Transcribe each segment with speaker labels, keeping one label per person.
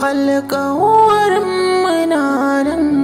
Speaker 1: halƙawar munanan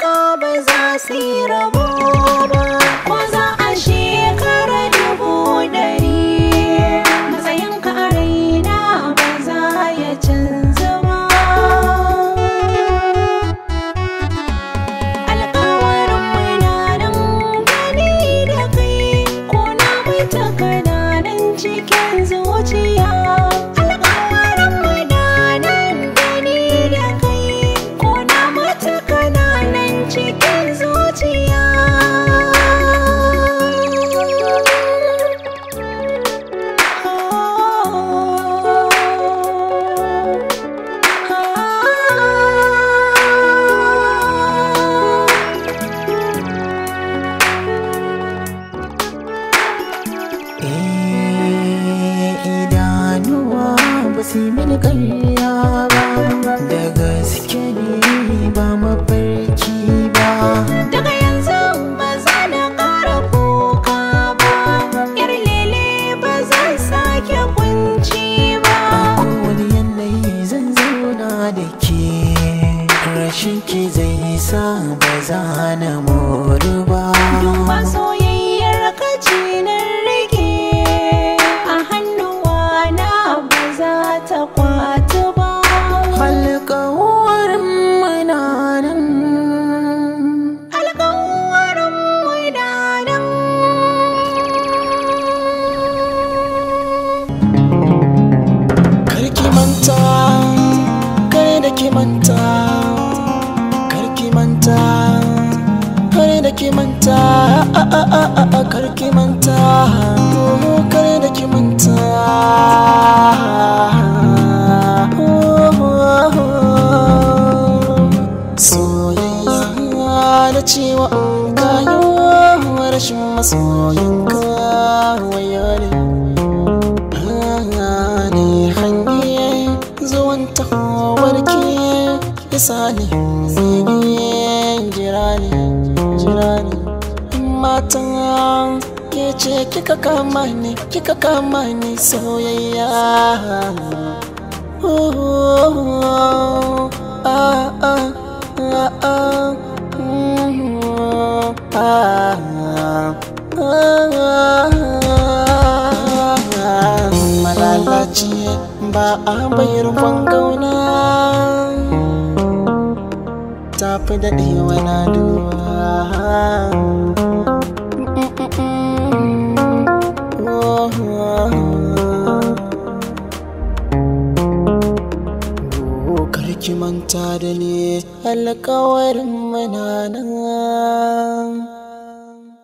Speaker 1: ka ba za su yi ba
Speaker 2: wani ƙarya ba da gaske ne ba mafarki
Speaker 1: ba daga yanzu ba za na ƙara kuka ba yar lele ba zan sake kunci ba a wani
Speaker 2: yanayi zan zauna da ke rashin ki zai sa ba za na moru ba
Speaker 3: kar da ki manta cewa an kayo rashin masoyin kawaya ne hanyoyi zuwan tahowar ke isa ne zai jira ne matan ke ce kika kama ni kika kama ni soyayya malalaci ba a bayar gauna tafi daɗewa na duwa mm, mm, mm, ki manta da ni alƙawarin mananan